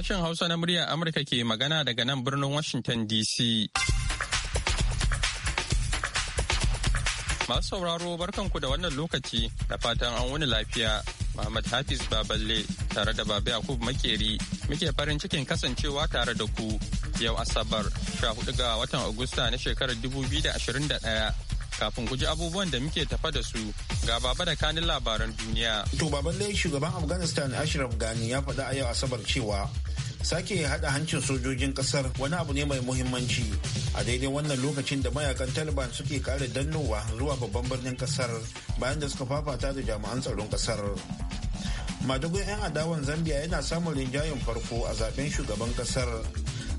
Sashen Hausa na muryar Amurka ke magana daga nan birnin Washington DC. Masu sauraro barkanku da wannan lokaci da fatan an wuni lafiya. Muhammad Hafiz Baballe tare da Babi Yakub Makeri muke farin cikin kasancewa tare da ku yau Asabar 14 ga watan Agusta na shekarar 2021. kafin guji abubuwan da muke tafa da su ga baba da kanin labaran duniya. To baban shugaban Afghanistan Ashraf Ghani ya faɗa a yau Asabar cewa sake haɗa hancin sojojin ƙasar wani abu ne mai muhimmanci a daidai wannan lokacin da mayakan taliban suke kare dannowa zuwa babban birnin ƙasar bayan da suka fafata da jami'an tsaron ƙasar. madugun 'yan adawan zambia yana samun rinjayen farko a zaben shugaban ƙasar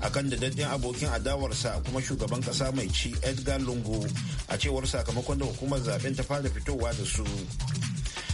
akan da daddin abokin adawarsa kuma shugaban kasa mai ci edgar lungu a cewar sakamakon da hukumar zaben ta fara fitowa da su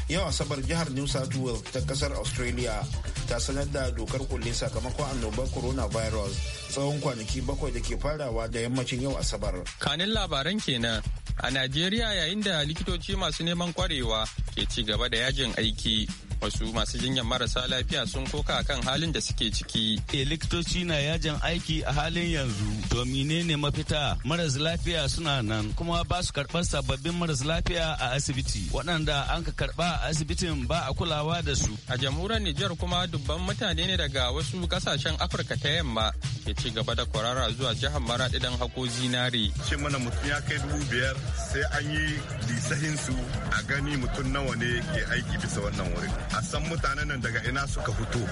yau asabar jihar new south wales ta kasar australia ta sanar da dokar kulle sakamakon annobar corona virus tsawon kwanaki bakwai da ke farawa da yammacin yau asabar kanin labaran kenan A Najeriya yayin da likitoci masu neman kwarewa ke ci gaba da yajin aiki. Wasu masu jinyar marasa lafiya sun koka kan halin da suke ciki. E likitoci na yajin aiki a halin yanzu to ne mafita maras lafiya suna nan kuma ba su karɓar sababbin maras lafiya a asibiti. Waɗanda an ka karɓa a asibitin ba a kulawa da su. A jamhuriyar Nijar kuma dubban mutane ne daga wasu kasashen Afirka ta yamma ke ci gaba da kwarara zuwa jihar Maraɗi don hako zinare. Ce mana mutum ya kai dubu biyar sai an yi lisahinsu a gani mutum nawa ne ke aiki bisa wannan wurin a san mutanen nan daga ina suka fito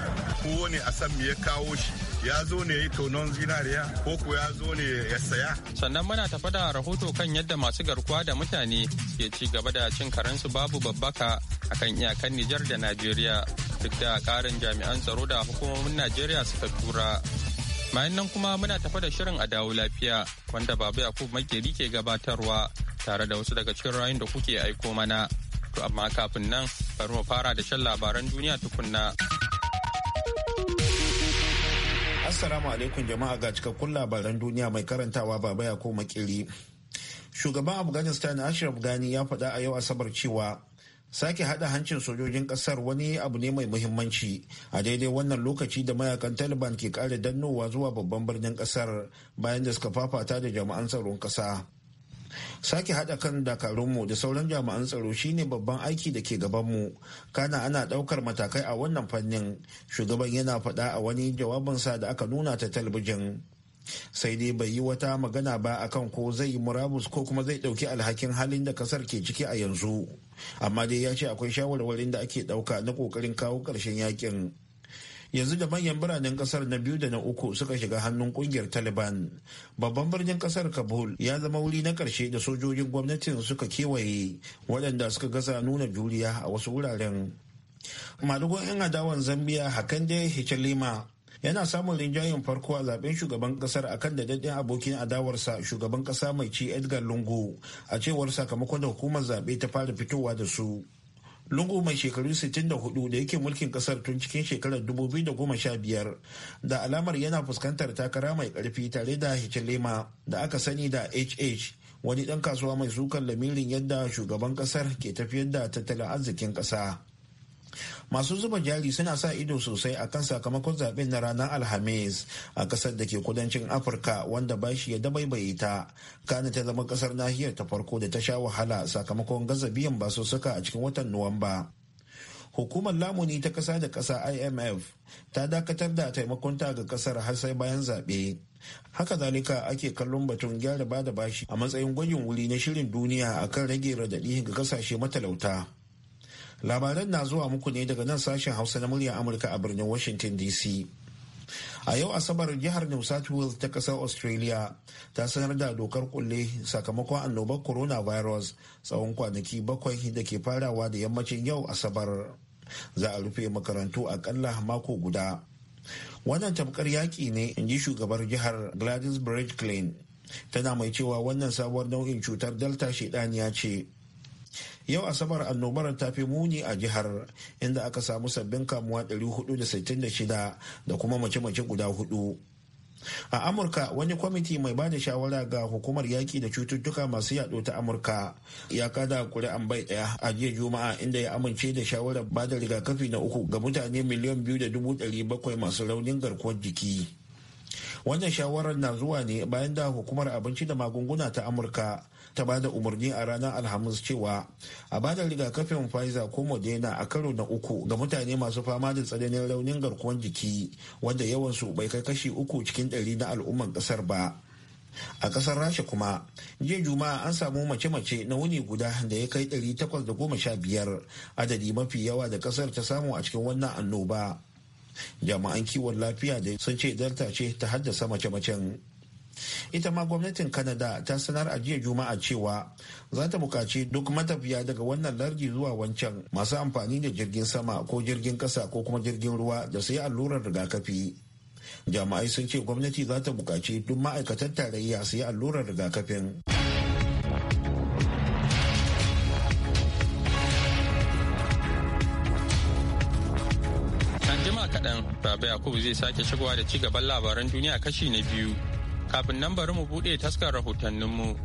wani a san ya kawo shi ya zo ne ya yi tonon zinariya ko ko ya zo ne ya saya sannan muna tafa da rahoto kan yadda masu garkuwa da mutane ke ci gaba da cin karensu babu babbaka akan iyakan Nijar da Najeriya duk da karin jami'an tsaro da hukumomin Najeriya suka tura bayan nan kuma muna tafa da shirin a dawo lafiya wanda babu yakubu makeri ke gabatarwa tare da wasu daga cikin rayun da kuke aiko mana. To amma kafin nan bari mu fara da shan labaran duniya tukunna. Assalamu alaikum jama'a ga cikakkun labaran duniya mai karantawa baba ya ko makiri. Shugaban Afghanistan Ashraf Ghani ya faɗa a yau Asabar cewa sake hada hancin sojojin kasar wani abu ne mai muhimmanci a daidai wannan lokaci da mayakan taliban ke kare dannowa zuwa babban birnin kasar bayan da suka fafata da jama'an tsaron kasa sake haɗa kan dakarunmu da sauran jami'an tsaro shine babban aiki da ke gabanmu kana ana ɗaukar matakai a wannan fannin shugaban yana faɗa a wani jawabinsa da aka nuna ta talabijin sai dai bai yi wata magana ba akan ko zai yi murabus ko kuma zai ɗauki alhakin halin da kasar ke ciki a yanzu amma dai ya ce akwai shawarwarin da ake ɗauka na ƙoƙarin kawo ƙarshen yakin yanzu da manyan biranen kasar na biyu da na uku suka shiga hannun kungiyar taliban babban birnin kasar kabul ya zama wuri na karshe da sojojin gwamnatin suka kewaye waɗanda suka gaza nuna juriya a wasu wuraren madugun 'yan adawan zambia hakande hichilima yana samun rinjayen farko a zaben shugaban kasar akan da daɗin abokin adawarsa shugaban kasa mai ci edgar lungu a cewar sakamakon da hukumar zaɓe ta fara fitowa da su lungu mai shekaru 64 da yake mulkin kasar tun cikin shekarar 2015 da alamar yana fuskantar takara mai karfi tare da hichilema da aka sani da hh wani ɗan kasuwa mai sukan lamirin yadda shugaban kasar ke tafiyar da tattalin arzikin ƙasa. masu zuba jari suna sa ido sosai a kan sakamakon zaben na ranar alhamis a kasar da ke kudancin afirka wanda ba shi ya dabaibaye ta kana ta zama kasar nahiyar ta farko da ta sha wahala sakamakon gaza biyan suka a cikin watan nuwamba hukumar lamuni ta kasa da kasa imf ta dakatar da taimakon ta ga kasar har sai bayan zaɓe haka zalika ake kallon batun gyara bada bashi a matsayin gwajin wuri na shirin duniya akan rage radadi ga kasashe matalauta labaran na zuwa muku ne daga nan sashen hausa na muryar amurka a birnin washington dc a yau asabar jihar new south wales ta kasar australia ta sanar da dokar kulle sakamakon annobar coronavirus tsawon kwanaki bakwai da ke farawa da yammacin yau asabar za a rufe makarantu akalla mako guda wannan tamkar yaƙi ne in ji shugabar jihar gladys bridge tana mai cewa wannan sabuwar nau'in cutar delta shedaniya ce yau asabar annobar ta fi muni a jihar inda aka samu sabbin kamuwa 466 da kuma mace-mace guda hudu a amurka wani kwamiti mai ba da shawara ga hukumar yaki da cututtuka masu yaɗo ta amurka ya kada kuri'an bai ɗaya a jiya juma'a inda ya amince da shawarar ba da rigakafi na uku ga mutane miliyan biyu da dubu ɗari bakwai masu raunin garkuwar jiki wannan shawarar na zuwa ne bayan da hukumar abinci da magunguna ta amurka ta ba da umarni a ranar alhamis cewa a bada da rigakafin pfizer ko moderna a karo na uku ga mutane masu fama da tsananin raunin garkuwar jiki wanda yawansu bai kai kashi uku cikin ɗari na al'umman ƙasar ba a kasar rasha kuma jiya juma'a an samu mace-mace na wuni guda da ya kai takwas da goma sha biyar adadi mafi yawa da ƙasar ta samu a cikin wannan annoba jami'an kiwon lafiya da sun ce delta ce ta haddasa mace-macen ita ma gwamnatin canada ta sanar a jiya juma'a cewa za ta bukaci duk matafiya daga wannan lardi zuwa wancan masu amfani da jirgin sama ko jirgin kasa ko kuma jirgin ruwa da su allurar rigakafi jama'ai sun ce gwamnati za ta bukaci duk ma'aikatan tarayya su yi allurar rigakafin kaɗan Yakubu zai sake shigowa da ci gaban labaran duniya kashi na biyu Kafin nan bari mu buɗe taskar rahotanninmu.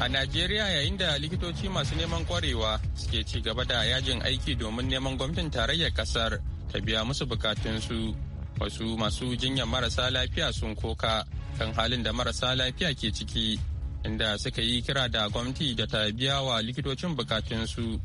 A Najeriya yayin da likitoci masu neman kwarewa suke ci gaba da yajin aiki domin neman gwamnatin tarayyar kasar ta biya musu bukatunsu. Wasu masu jinyar marasa lafiya sun koka kan halin da marasa lafiya ke ciki, inda suka yi kira da gwamnati da ta biya wa likitocin bukatunsu.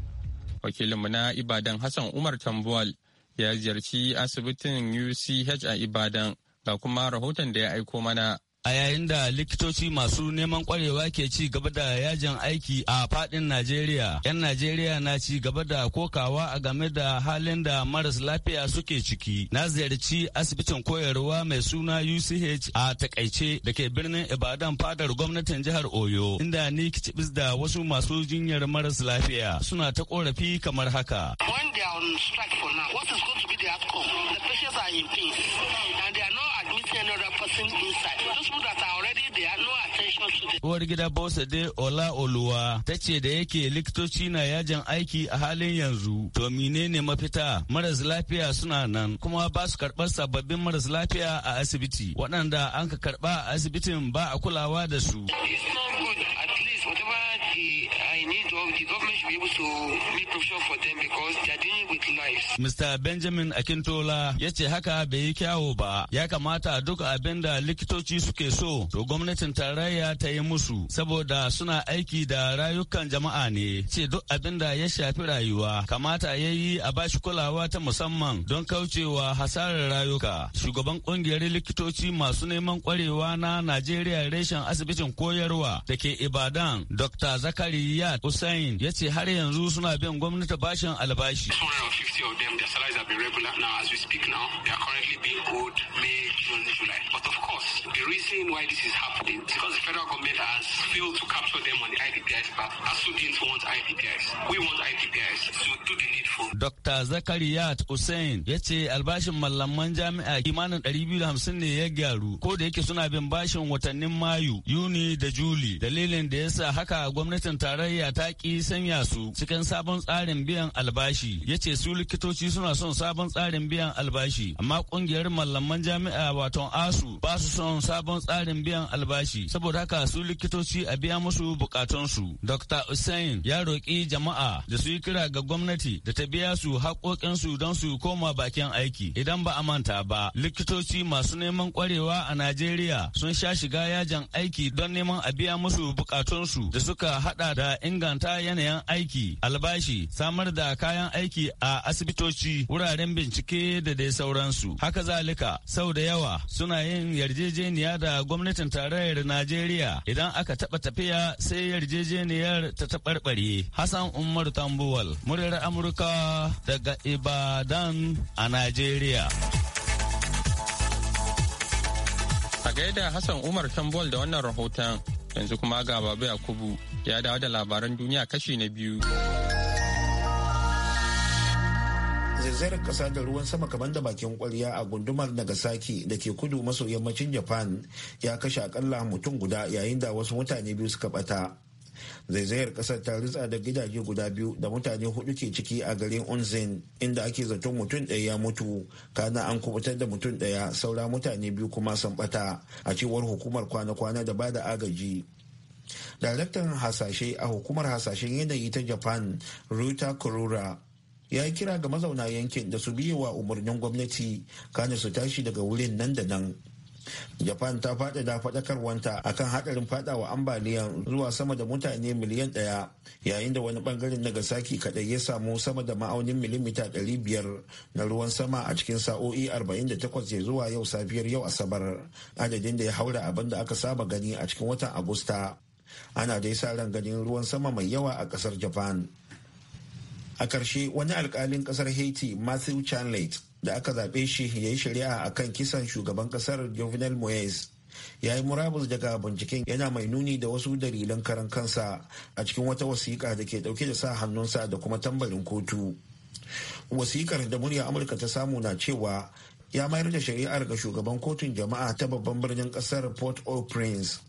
Wakilinmu na Ibadan Hassan Umar Tambuwal ya ziyarci asibitin UCH a Ibadan ga kuma rahoton da ya aiko mana. a yayin da likitoci masu neman kwarewa ke ci gaba da yajin aiki a fadin najeriya yan najeriya na ci gaba da kokawa a game da halin da maras lafiya suke ciki na ziyarci asibitin koyarwa mai suna uch a takaice da ke birnin ibadan fadar gwamnatin jihar oyo inda ni kicibis da wasu masu jinyar maras lafiya suna ta korafi kamar haka when they are on person inside. Those Uwar gida de Ola Oluwa ta ce da yake likitoci na yajin aiki a halin yanzu to menene mafita maras lafiya suna nan kuma ba su karɓar sababbin maras lafiya a asibiti waɗanda an ka karɓa a asibitin ba a kulawa da su. is whatever the I need of the government should be able to make provision for them because they are dealing with lives. Mr. Benjamin Akintola ya ce haka bai yi kyawu ba ya kamata duk abin da likitoci suke so to gwamnatin tarayya ta yi musu saboda suna aiki da rayukan jama'a ne ce duk abin da ya shafi rayuwa kamata ya yi a bashi kulawa ta musamman don kaucewa hasarar rayuka shugaban kungiyar likitoci masu neman kwarewa na Najeriya reshen asibitin koyarwa da ke Ibadan Dr. Zakariya Hussein ya ce har yanzu suna bin gwamnati bashin albashi. 250 of them, their salaries have been regular now as we speak now. They are currently being owed May, June, July. But of course, the reason why this is happening is because the federal government has failed to capture them on the IDPS, but our students want IDPS. We want IDPS to the needful. Dr. Zakariya Hussein ya ce albashin malaman jami'a kimanin 250 ne ya gyaru, ko da yake suna bin bashin watannin Mayu, Yuni da Juli, dalilin da ya bisa haka gwamnatin tarayya ta ki sanya su cikin sabon tsarin biyan albashi ya ce su likitoci suna son sabon tsarin biyan albashi amma kungiyar malaman jami'a wato asu ba su son sabon tsarin biyan albashi saboda haka su likitoci a biya musu bukatunsu dr hussein ya roki jama'a da su yi kira ga gwamnati da ta biya su haƙoƙinsu don su koma bakin aiki idan ba a manta ba likitoci masu neman kwarewa a najeriya sun sha shiga yajin aiki don neman a biya musu bukatunsu su da suka hada da inganta yanayin aiki albashi samar da kayan aiki a asibitoci wuraren bincike da dai sauransu haka zalika sau da yawa suna yin yarjejeniya da gwamnatin tarayyar najeriya idan aka taba tafiya sai yarjejeniyar ta taɓarɓare hassan umar tambuwal muryar amurka daga ibadan a najeriya a gaida hassan umar tambuwal da wannan rahoton yanzu kuma ga babu yakubu ya dawo da labaran duniya kashi na biyu zaizayar kasa da ruwan sama kamar da bakin kwarya a gundumar nagasaki da ke kudu maso yammacin japan ya kashe akalla mutum guda yayin da wasu mutane biyu suka bata zaizayar kasar ta ritsa da gidaje guda biyu da mutane hudu ke ciki a garin unzin inda ake zaton mutum ɗaya ya mutu kana an kubutar da mutum ɗaya saura mutane biyu kuma sun bata a cewar hukumar kwana-kwana da bada agaji daraktan hasashe a hukumar hasashen yanayi ta japan ruta kurura ya yi kira ga mazauna yankin da su biye wa umarnin gwamnati kane su tashi daga wurin nan da nan japan ta faɗaɗa faɗakarwanta akan hadarin faɗawa ambaliyan zuwa sama da mutane miliyan daya yayin da wani bangaren nagasaki kadai ya samu sama da ma'aunin milimita ɗari biyar na ruwan sama a cikin sa'o'i arba'in da takwas ya zuwa yau safiyar yau asabar adadin da ya haura abin da aka saba gani a cikin watan agusta ana dai sa ran ganin ruwan sama mai yawa a kasar japan a ƙarshe wani alkalin ƙasar haiti matthew chanlate da aka zaɓe shi ya yi shari'a a kan kisan shugaban ƙasar Jovenel Moyes. Ya yi murabus daga binciken yana mai nuni da wasu dalilan karan kansa a cikin wata wasiƙa da ke ɗauke da sa hannunsa da kuma tambarin kotu. Wasiƙar da murya Amurka ta samu na cewa ya mayar da shari'ar ga shugaban kotun jama'a ta babban birnin ƙasar Port-au-Prince.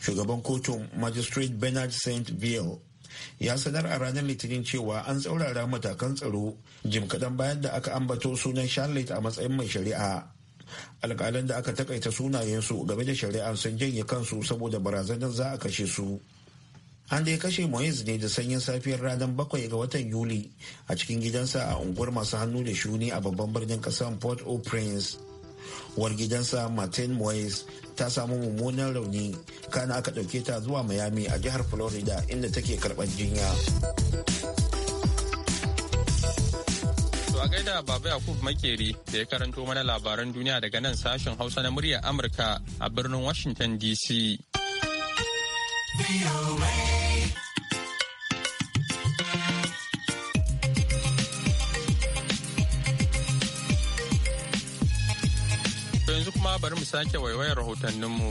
Shugaban kotun Magistrate Bernard St. Ville ya sanar a ranar litinin cewa an tsaurara matakan tsaro jim kaɗan bayan da aka ambato sunan charlotte a matsayin mai shari'a alƙalan da aka takaita sunayensu game da shari'a sun janye kansu saboda barazanar za a kashe su an da ya kashe moise ne da sanyin safiyar ranar bakwai ga watan yuli a cikin gidansa a unguwar masu hannu da shuni a babban birnin ƙasar port au prince uwar gidansa martin moyes ta samu mummunan rauni kana aka ɗauke ta zuwa miami a jihar florida inda take karɓar jinya To a gaida Baba Yakub Makeri da ya karanto mana labaran duniya daga nan sashen Hausa na muryar Amurka a birnin Washington DC. bari mu sake waiwayar rahotanninmu.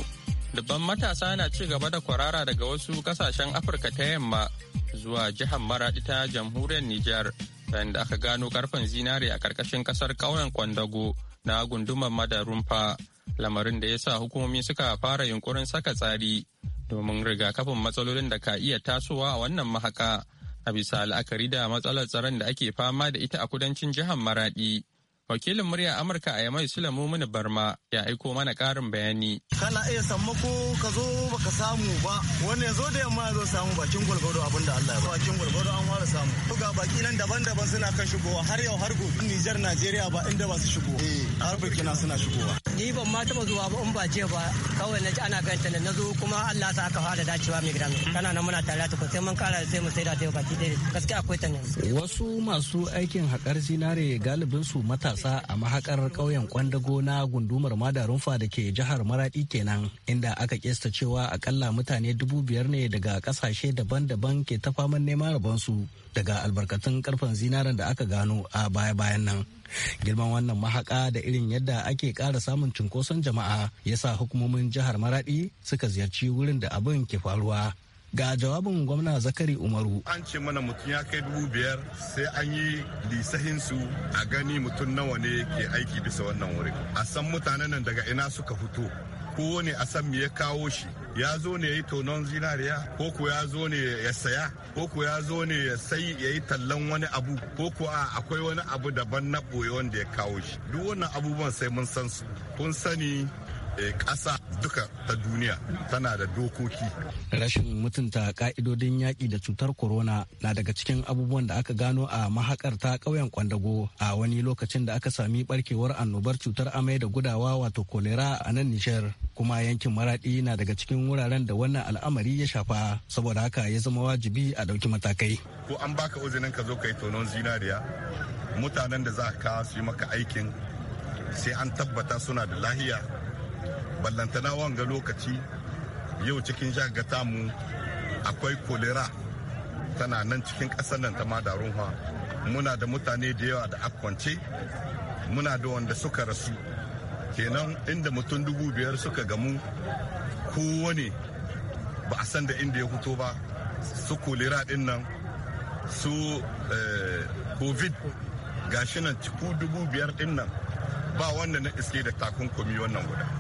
Dubban matasa na ci gaba da kwarara daga wasu kasashen Afirka ta yamma zuwa jihar Maradi ta jamhuriyar Nijar, bayan da aka gano karfin zinare a karkashin kasar ƙauyen Kwandago na gundumar Madarumfa, lamarin da ya sa hukumomi suka fara yunkurin saka tsari domin rigakafin matsalolin da ka iya tasowa a wannan mahaka a bisa la'akari da matsalar tsaron da ake fama da ita a kudancin jihar Maradi. wakilin murya amurka a yamai sulamu mini barma ya aiko mana karin bayani kana iya sammako ka zo ba ka samu ba wani ya zo da yamma ya zo samu bakin gwalgwado abin da allah ya bakin gwalgwado an fara samu ga baki nan daban-daban suna kan shigowa har yau har gobe nijar najeriya ba inda ba su shigo eh. har burkina suna shigowa ni ban ma taba zuwa ba in ba je ba kawai na ji ana ganta na zo kuma allah sa aka fara dacewa mai gidan kana nan muna tare ta sai mun kara sai mu da ta yau baki dai gaskiya akwai ta wasu masu aikin haƙar zinare galibin su matasa wasa a mahakar ƙauyen kwandago na gundumar madarunfa da ke jihar maradi kenan inda aka kesta cewa akalla mutane dubu biyar ne daga ƙasashe daban-daban ke ta faman neman rabonsu daga albarkatun karfen zinaren da aka gano a baya-bayan nan girman wannan mahaka da irin yadda ake ƙara samun cunkoson jama'a ya sa hukumomin jihar maradi suka ziyarci wurin da abin ke faruwa ga jawabin gwamna zakari umaru an ce mana mutum ya kai dubu biyar sai an yi lisahinsu a gani mutum nawa ne ke aiki bisa wannan wurin a san mutanen nan daga ina suka fito ne a san me ya kawo shi ya zo ne ya yi tonon zinariya ko ko ya zo ne ya saya ko ko ya zo ne ya sai ya yi tallan wani abu ko ko a akwai wani abu daban na ɓoye wanda ya kawo shi duk wannan abubuwan sai mun san su kun sani Eh, ƙasa duka ta duniya tana da dokoki. Rashin mutunta ka'idodin yaƙi da cutar corona na daga cikin abubuwan da aka gano a mahakar ta ƙauyen Kwandago a wani lokacin da aka sami barkewar annobar cutar amai da gudawa wato kolera a nan Nijar kuma yankin Maraɗi na daga cikin wuraren da wannan al'amari ya shafa saboda haka ya zama wajibi a ɗauki matakai. Ko an baka uzinin ka zo ka yi tonon zinariya mutanen da za ka su yi maka aikin sai an tabbata suna da lahiya ballantana wanga lokaci yau cikin jagata mu akwai kolera tana nan cikin ƙasar nan ta madarunwa muna da mutane da yawa da akwance muna da wanda suka rasu kenan inda mutum dubu biyar suka gamu kowane ba a san da inda ya fito ba su kolera din nan su eh, covid gashi nan cikin dubu biyar din nan ba wanda na iske da takunkumi wannan guda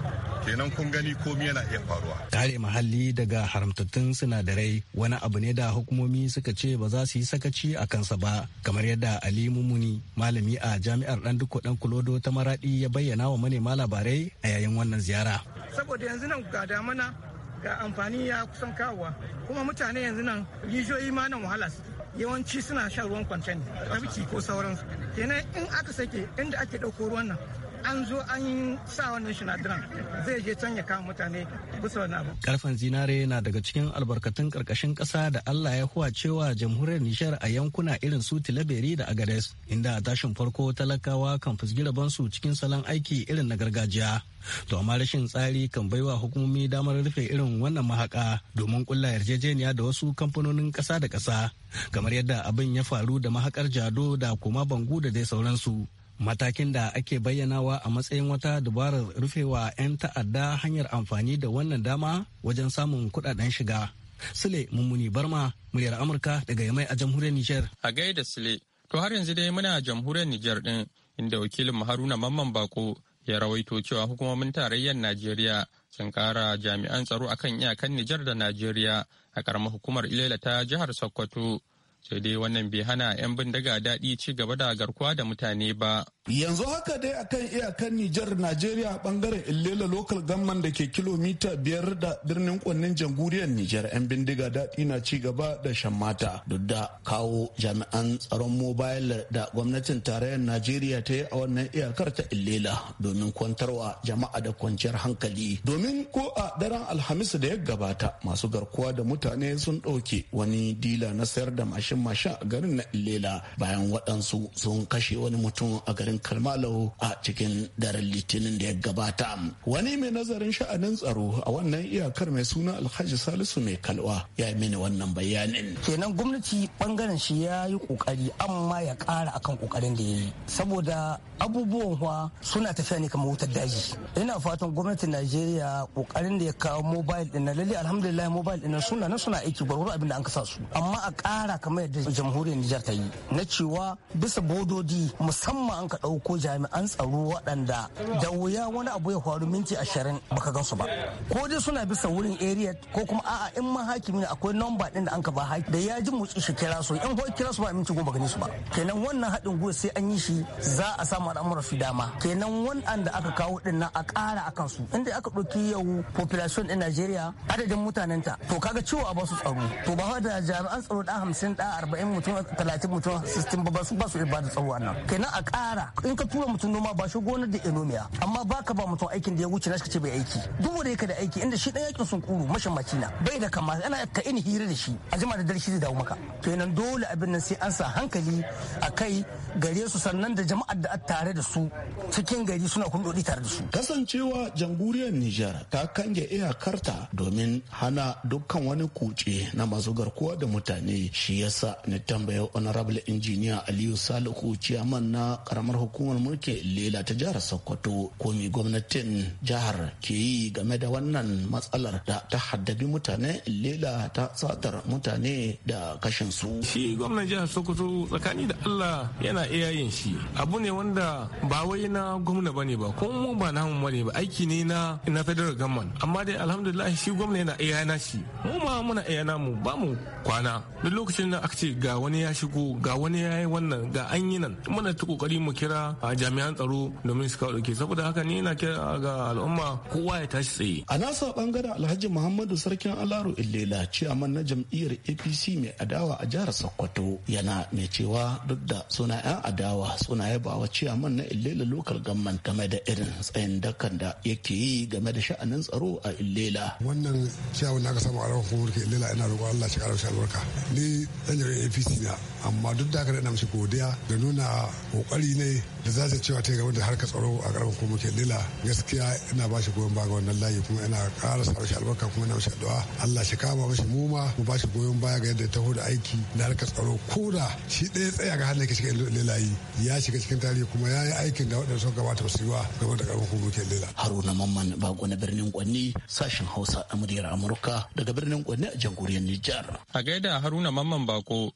kenan kun gani komi yana iya faruwa kare muhalli daga haramtattun sinadarai wani abu ne da hukumomi suka ce ba za su yi sakaci a kansa ba kamar yadda ali mumuni malami a jami'ar dan duko dan kulodo ta maradi ya bayyana wa manema labarai a yayin wannan ziyara saboda yanzu nan ga damana ga amfani ya kusan kawowa kuma mutane yanzu nan rijiyoyi ma nan wahala yawanci suna shan ruwan kwancen abiki ko sauransu kenan in aka sake inda ake ɗauko ruwan nan an zo an sa wannan sinadaran zai je can kawo mutane bisa wani abu. Karfen zinare na daga cikin albarkatun karkashin ƙasa da Allah ya huwa cewa jamhuriyar Nishar a yankuna irin su Tilaberi da Agades inda a tashin farko talakawa kan fusgi su cikin salon aiki irin na gargajiya. To amma rashin tsari kan baiwa hukumomi damar rufe irin wannan mahaka domin kulla yarjejeniya da wasu kamfanonin ƙasa da ƙasa kamar yadda abin ya faru da mahakar Jado da kuma Bangu da dai sauransu. matakin da ake bayyanawa a matsayin wata dabarar rufewa 'yan ta'adda hanyar amfani da wannan dama wajen samun kudaden shiga sule mummuni barma muryar amurka daga yamai a jamhuriyar niger a gaida sule to har yanzu dai muna jamhuriyar nijar din inda wakilin haruna mamman bako ya rawaito cewa hukumomin tarayyar najeriya sun kara jami'an tsaro akan iyakan nijar da najeriya a karamar hukumar ilela ta jihar sokoto sai dai wannan bai hana 'yan bindiga daɗi ci gaba da garkuwa da mutane ba. Yanzu haka dai akan iyakan Nijar Najeriya bangaren Illela Local Gamman da ke kilomita biyar da birnin kwannin jamhuriyar Nijar 'yan bindiga daɗi na ci gaba da shan mata duk da kawo jami'an tsaron mobile da gwamnatin tarayyar Najeriya ta yi a wannan iyakar ta Illela domin kwantarwa jama'a da kwanciyar hankali. Domin ko a daren Alhamis da ya gabata masu garkuwa da mutane sun ɗauke wani dila na sayar da mashi tashe mashin a garin na Lela bayan waɗansu sun kashe wani mutum a garin Kalmalau a cikin daren Litinin da ya gabata. Wani mai nazarin sha'anin tsaro a wannan iyakar mai suna Alhaji Salisu mai kalwa ya yi mini wannan bayanin. Kenan gwamnati bangaren shi ya yi kokari amma ya ƙara akan kokarin da ya yi saboda abubuwan wa suna tafiya ne kamar wutar daji. Ina fatan gwamnatin Najeriya kokarin da ya kawo mobile ɗin lalle alhamdulillah mobile ɗin suna nan suna aiki gwargwaro abin da an kasa su amma a kara kamar mamayar da jamhuriyar Nijar ta yi na cewa bisa bododi musamman an ka ɗauko jami'an tsaro waɗanda da wuya wani abu ya faru minti ashirin baka gansu ba ko dai suna bisa wurin area ko kuma a'a in ma hakimi ne akwai namba ɗin da an ka ba haki da ya ji motsi shi kira su in ko kira su ba minti goma gani su ba kenan wannan haɗin gwiwa sai an yi shi za a samu al'amuran su dama kenan wanda aka kawo ɗin nan a ƙara a kansu inda aka ɗauki yau population ɗin Najeriya adadin mutanenta to kaga cewa ba su tsaro to ba da jami'an tsaro ɗan hamsin ɗan arba'in mutum talatin mutum sistin ba su ba su ba da tsaro nan kenan a kara in ka tura mutum noma ba shi gonar da enomiya amma baka ba mutum aikin da ya wuce na ce bai aiki duk wanda yake da aiki inda shi ɗan yakin sun kuru mashamaci na bai da kama ana ka ini hira da shi a jima da darshi zai dawo maka kenan dole abin nan sai an sa hankali a kai gare su sannan da jama'ar da tare da su cikin gari suna hulɗoɗi tare da su kasancewa jamhuriyar Nijar ta kange iyakarta domin hana dukkan wani kuce na masu garkuwa da mutane shi yasa sa na tambaya honorable injiniya aliyu salihu ciyaman na karamar hukumar mulkin lela ta jihar sokoto ko mai gwamnatin jihar ke yi game da wannan matsalar da ta haddabi mutane lela ta satar mutane da kashin su shi gwamnan jihar sokoto tsakani da allah yana iya yin shi abu ne wanda ba wai na gwamna bane ba ko mu ba mun bane ba aiki ne na na federal government amma dai alhamdulillah shi gwamna yana iya na shi mu ma muna iya namu ba mu kwana duk lokacin da aka ce ga wani ya shigo ga wani ya yi wannan ga an yi nan muna ta kokari mu kira a jami'an tsaro domin su kawo dauke saboda haka ne yana kira ga al'umma kowa ya tashi tsaye a nasa bangaren alhaji muhammadu sarkin alaro illela ciyaman na jam'iyyar apc mai adawa a jihar sokoto yana mai cewa duk da suna yan adawa suna ba wa ciyaman na illela lokal gamman game da irin tsayin dakan da yake yi game da sha'anin tsaro a illela wannan ciyawan na aka samu a rawan kuma illela ina roƙon allah shi ƙarar albarka ni hanyar apc da amma duk da haka da namshi godiya da nuna kokari ne da za ta cewa ta gaba da harkar tsaro a karamar kuma ke lila gaskiya ina ba shi goyon baya wannan layi kuma ina ƙara sa shi albarka kuma ina addu'a Allah shi kama mashi muma mu ba shi goyon baya ga yadda ta da aiki da harkar tsaro ko da shi ɗaya tsaya ga hannun ke shiga lilayi ya shiga cikin tarihi kuma ya yi aikin da waɗanda suka gabata su yi wa game da karamar kuma ke lila. Haruna Mamman Bago na birnin kwanni sashen Hausa na muryar Amurka daga birnin kwanni a jamhuriyar Nijar. A gaida Haruna Mamman Bako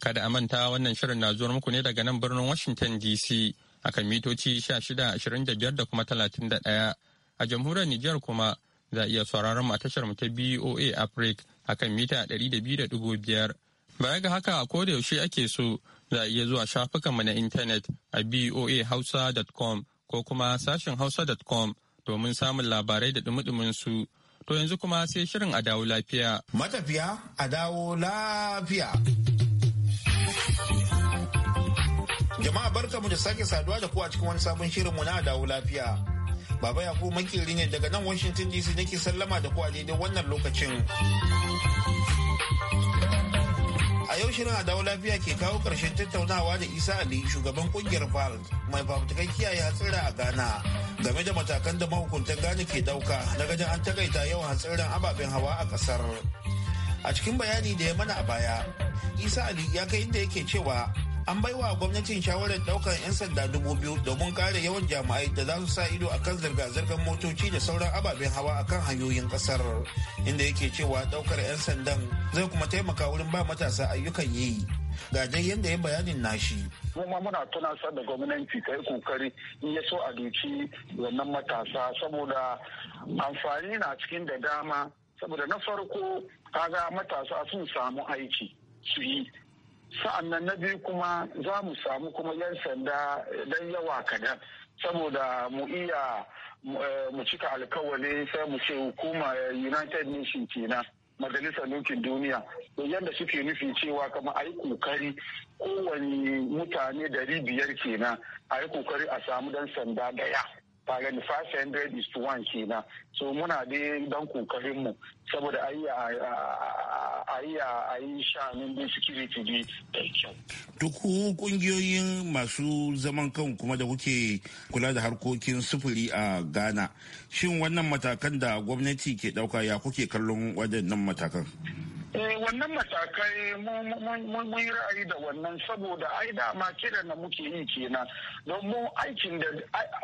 Kada a manta wannan shirin na zuwa muku ne daga nan birnin Washington DC akan mitoci 1625 da kuma 31 a jamhuriyar Nijar kuma za a iya sauraron mu a tashar mu ta BOA Africa akan mita 200.5 baya ga haka a koda yaushe ake so za a iya zuwa shafukan mu na intanet a boahausa.com ko kuma sashin hausa.com domin samun labarai da dumudumin su to yanzu kuma sai shirin a dawo lafiya matafiya a dawo lafiya Jama'a barka mu da sake saduwa da ku a cikin wani sabon shirin mu na dawo lafiya. Baba ya ku ne daga nan Washington DC nake sallama da ku a daidai wannan lokacin. A yau shirin a dawo lafiya ke kawo ƙarshen tattaunawa da Isa Ali shugaban kungiyar VAL mai fafutukan kiyaye hatsira a Ghana game da matakan da mahukuntan Ghana ke ɗauka na gajen an takaita yawan hatsiran ababen hawa a kasar A cikin bayani da ya mana a baya, Isa Ali ya kai inda yake cewa an baiwa gwamnatin shawarar daukar 'yan sanda dubu biyu domin kare yawan jami'ai da za su sa ido akan zirga-zirgar motoci da sauran ababen hawa akan hanyoyin kasar inda yake cewa daukar 'yan sandan zai kuma taimaka wurin ba matasa ayyukan yi ga dai yadda ya bayanin nashi. kuma muna tunasar da gwamnati ta yi kokari in ya so a duki wannan matasa saboda amfani na cikin da dama saboda na farko kaga matasa sun samu aiki su yi sa'annan na biyu kuma za mu samu kuma yan sanda dan yawa kadan saboda mu iya mu eh, cika alkawali sai mu ce hukuma eh, united nation kenan majalisar nukin duniya to yadda suke nufi cewa kama a yi kokari kowane mutane dari biyar kenan a yi kokari a samu dan sanda daya ka gani 500 is to 1 kenan so muna dai dan kokarin mu saboda ayi ayi ayi shanin din security ne da kyau to kungiyoyin masu zaman kan kuma da kuke kula da harkokin sufuri a Ghana shin wannan matakan da gwamnati ke dauka ya kuke kallon waɗannan matakan Eh wannan matakai mun yi ra'ayi da wannan saboda ai dama kiran na muke yi kenan don mu aikin da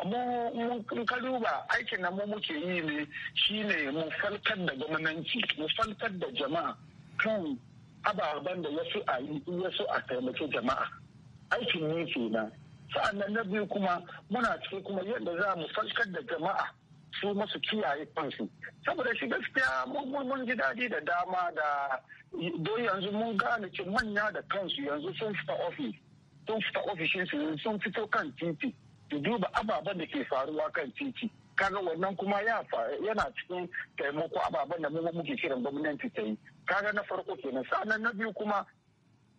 mun ka aikin da mu muke yi ne shine mu falkar da gwamnati mu falkar da jama'a kan ababen da yasu a yi yasu a taimaki jama'a aikin ne kenan sa'annan na biyu kuma muna cikin kuma yadda za mu falkar da jama'a su masu kiyaye kansu saboda shi gaskiya mun ji daɗi da dama da don yanzu mun gane ce manya da kansu yanzu sun fita ofis sun fita ofishinsu sun fito kan titi su duba ababen da ke faruwa kan titi kaga wannan kuma ya yana cikin taimako ababen da mu muke kiran gwamnati ta yi kaga na farko kenan sannan na biyu kuma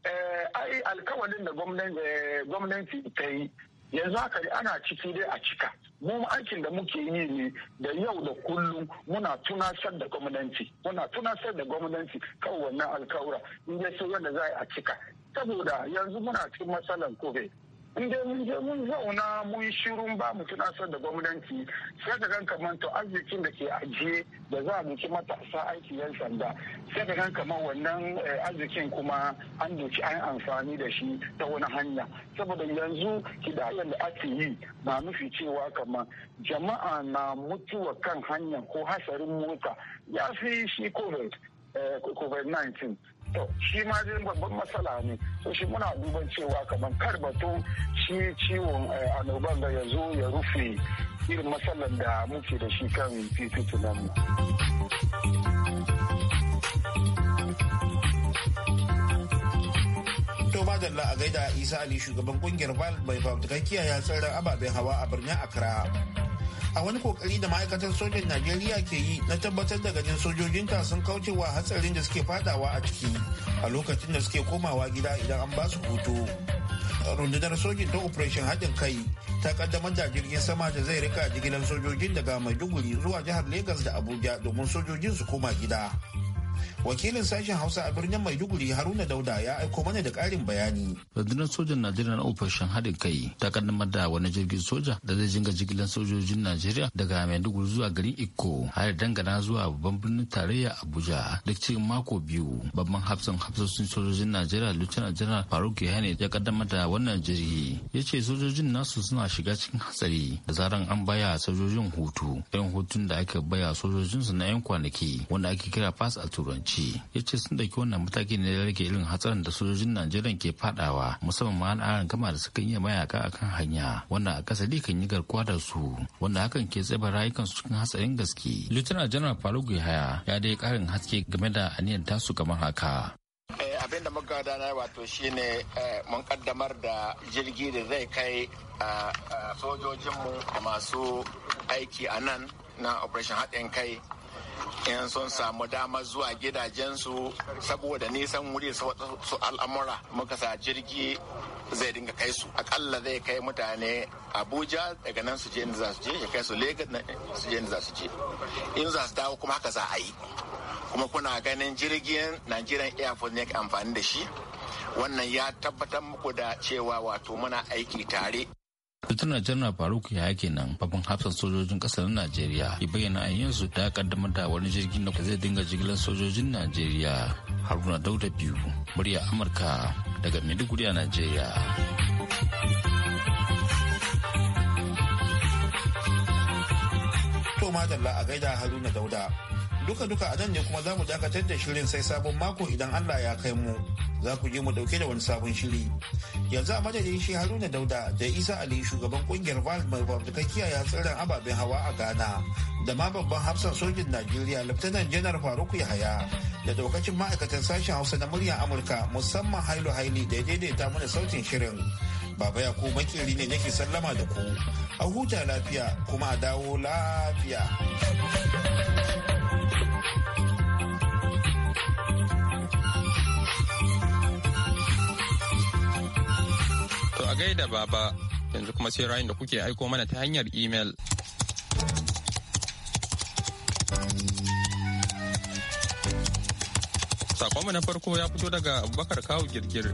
eh, ai alkawalin da eh, gwamnati ta yi yanzu haka dai ana ciki dai a cika mu aikin da muke yi ne da yau da kullum muna tunasar da gwamnati muna tunasar da gwamnati kan wannan alkawura in ya so yadda za a cika saboda yanzu muna cikin matsalar covid in mun je mun zauna mun shirun ba mu son da gwamnati sai ka gan kamar to arzikin da ke ajiye da za a duki matasa aiki yan sanda sai ka kamar wannan eh, arzikin kuma an duki an amfani da shi ta wani hanya saboda yanzu kidayen da ake yi na nufi cewa kamar jama'a na mutuwa kan hanya ko hasarin mota ya fi shi covid eh, covid-19 to shi ma zai babban matsala ne so shi muna duban cewa kamar kar batu shi ciwon eh, annoban da ya zo ya rufe irin matsalar da muke da shi kan titunan nan madalla a gaida isa ali shugaban kungiyar val mai fafutukan kiyaye tsarin ababen hawa a birnin accra a wani kokari da ma'aikatar sojan najeriya ke yi na tabbatar da ganin sojojinta sun kauce wa hatsarin da suke fadawa a ciki a lokacin da suke komawa gida idan an ba su hutu rundunar sojin ta operation haɗin kai ta kaddamar da jirgin sama da zai rika jigilar sojojin daga maiduguri zuwa jihar Legas da abuja domin sojojin su koma gida wakilin sashen hausa a birnin maiduguri haruna dauda ya aiko mana da karin bayani rundunar sojan najeriya na ofishin haɗin kai ta kaddamar da wani jirgin soja da zai jinga jigilar sojojin najeriya daga maiduguri zuwa garin iko. har dangana zuwa babban birnin tarayya abuja duk cikin mako biyu babban hafsan hafsoshin sojojin najeriya lieutenant general faruk yahane ya kaddamar da wannan jirgi ya ce sojojin nasu suna shiga cikin hatsari da zaran an baya sojojin hutu yan hutun da aka baya sojojinsu na 'yan kwanaki wanda ake kira pass a turanci shi ya ce sun ɗauki wannan mataki ne da rage irin hatsarin da sojojin najeriya ke fadawa musamman ma an gama da sukan yi mayaka akan hanya wanda a akasari kan yi garkuwa da su wanda hakan ke rayukan rayukansu cikin hatsarin gaske lieutenant general faruk yahaya ya dai karin haske game da aniyar tasu kamar haka eh, abin da muka gudanar wato shine eh, mun kaddamar da jirgi da zai kai sojojinmu da masu aiki a nan na operation haɗin kai in sun samu dama zuwa gidajensu saboda nisan wuri su al'amura muka sa jirgi zai dinga kai su akalla zai kai mutane abuja daga nan su je inda za su je ya kai su legas na su je inda za su je in za su dawo kuma haka za a yi kuma kuna ganin jirgin nigerian force ne amfani da shi wannan ya tabbatar muku da cewa wato muna aiki tare Fitina janar Faruk yake kenan babban hafsan sojojin kasar Najeriya ya bayyana ayyansu da ya kaddamar da wani jirgin da zai dinga jigilar sojojin Najeriya. Haruna Dauda biyu murya Amurka daga Maiduguri a Najeriya. To madalla a gaida Haruna Dauda duka-duka a nan ne kuma za mu dakatar da shirin sai sabon mako idan Allah ya kai mu za ku je mu dauke da wani sabon shiri yanzu a madadin shi haruna dauda da isa ali shugaban kungiyar val mai fafutuka kiyaye tsira ababen hawa a ghana da ma babban hafsan sojin najeriya laftanan janar Faruk yahaya da daukacin ma'aikatan sashen hausa na muryar amurka musamman hailu haili da ya daidaita mana sautin shirin baba ya ko makeri ne nake sallama da ku a huta lafiya kuma a dawo lafiya To a gaida baba yanzu kuma sai ra'ayin da kuke aiko mana ta hanyar imel. Sakonmu na farko ya fito daga Abubakar Kawu Girgir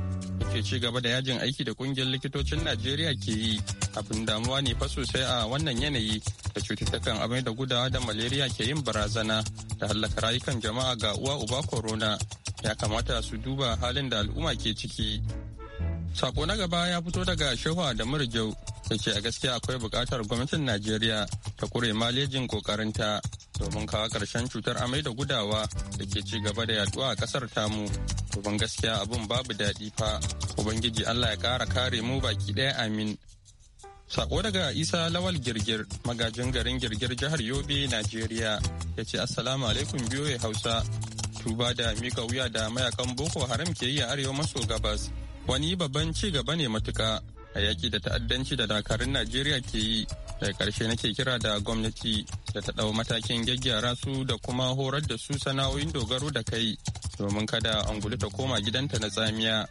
ke ci gaba da yajin aiki da kungiyar likitocin Najeriya ke yi abin damuwa ne fa sosai a wannan yanayi da cututtukan amai da gudawa da malaria ke yin barazana da hallaka rayukan jama'a ga uwa uba corona ya kamata su duba halin da al'umma ke ciki sako na gaba ya fito daga shehu da murjau da ke a gaskiya akwai buƙatar gwamnatin najeriya ta kure malejin kokarinta domin kawo ƙarshen cutar amai da gudawa da ke ci gaba da yaduwa a ƙasar tamu domin gaskiya abun babu daɗi fa ubangiji allah ya ƙara kare mu baki ɗaya amin Sako daga Isa Lawal Girgir, magajin garin Girgir jihar Yobe, Najeriya, ya ce Assalamu alaikum ya Hausa. Tuba da mika wuya da mayakan Boko Haram ke yi a arewa maso gabas. Wani babban ci gaba ne matuka a yaƙi da ta'addanci da dakarun Najeriya ke yi. Daga ƙarshe nake kira da gwamnati da ta ɗau matakin gyaggyara su da kuma horar da su sana'o'in dogaro da kai domin kada angulu ta koma gidanta na tsamiya.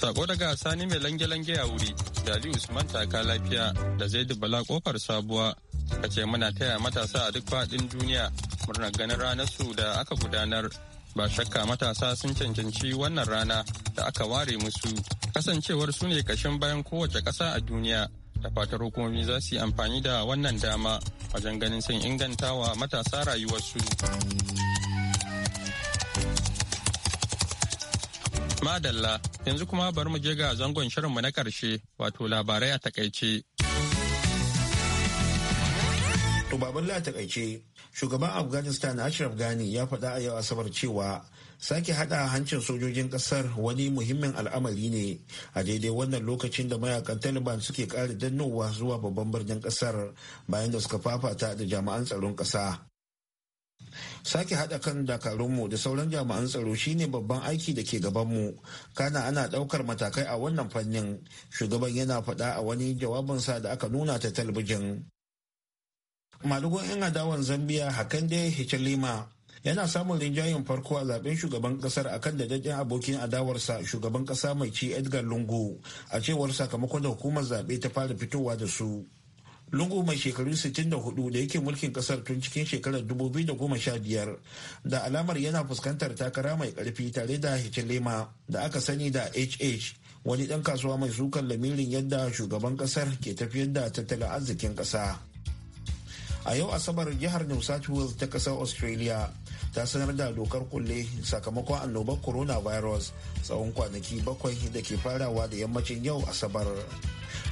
Sako daga Sani mai lange-lange a wuri, Dali Usman taka lafiya da Zaidu Bala kofar sabuwa. kace ce muna taya matasa a duk faɗin duniya murnar ganin ranar su da aka gudanar. Ba shakka matasa sun cancanci wannan rana da aka ware musu. Kasancewar su ne kashin bayan kowace ƙasa a duniya. Da fatar hukumomi za su yi amfani da wannan dama wajen ganin sun inganta wa matasa rayuwarsu. Madalla, yanzu kuma bari mu je ga zangon shirinmu na ƙarshe wato labarai a takaice. To baban a takaice, shugaban Afghanistan Ashraf Ghani ya faɗa a yau Asabar cewa sake haɗa hancin sojojin ƙasar wani muhimmin al'amari ne a daidai wannan lokacin da mayakan Taliban suke ƙara dannowa zuwa babban birnin ƙasar bayan da suka fafata da jami'an tsaron ƙasa. sake haɗa kan dakarunmu da sauran jami'an tsaro shine babban aiki da ke gabanmu kana ana ɗaukar matakai a wannan fannin shugaban yana faɗa a wani jawabinsa da aka nuna ta talabijin malugun 'yan adawan zambia hakande hichilima yana samun rinjayen farko a zaben shugaban kasar akan da daɗin abokin adawarsa shugaban kasa mai ci edgar lungu a cewar sakamakon da hukumar zaɓe ta fara fitowa da su lungu mai shekaru 64 da yake mulkin kasar tun cikin shekarar 2015 da alamar yana fuskantar takara mai karfi tare da hichilema da aka sani da hh wani ɗan kasuwa mai sukan lamirin yadda shugaban kasar ke tafiyar da tattalin arzikin ƙasa a yau asabar jihar new south wales ta ƙasar australia ta sanar da dokar kulle sakamakon annobar coronavirus tsawon kwanaki bakwai da ke farawa da yammacin yau asabar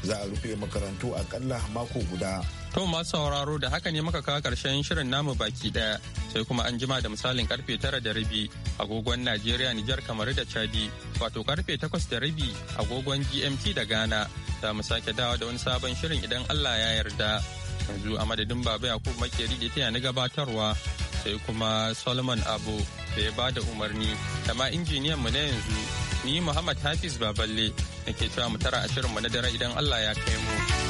za a rufe makarantu akalla mako guda to masu sauraro da haka ne maka kawo karshen shirin namu baki daya sai kuma an jima da misalin karfe tara da rabi agogon najeriya nijar kamar da chadi wato karfe takwas da rabi agogon gmt da ghana za mu sake dawa da wani sabon shirin idan allah ya yarda yanzu a madadin baba yakub makeri da ta na gabatarwa sai kuma Solomon Abu da ya bada umarni da ma injiniyan mu na yanzu ni Muhammad Hafiz Baballe da ke cewa mu tara ashirin mu na dare idan Allah ya kai mu.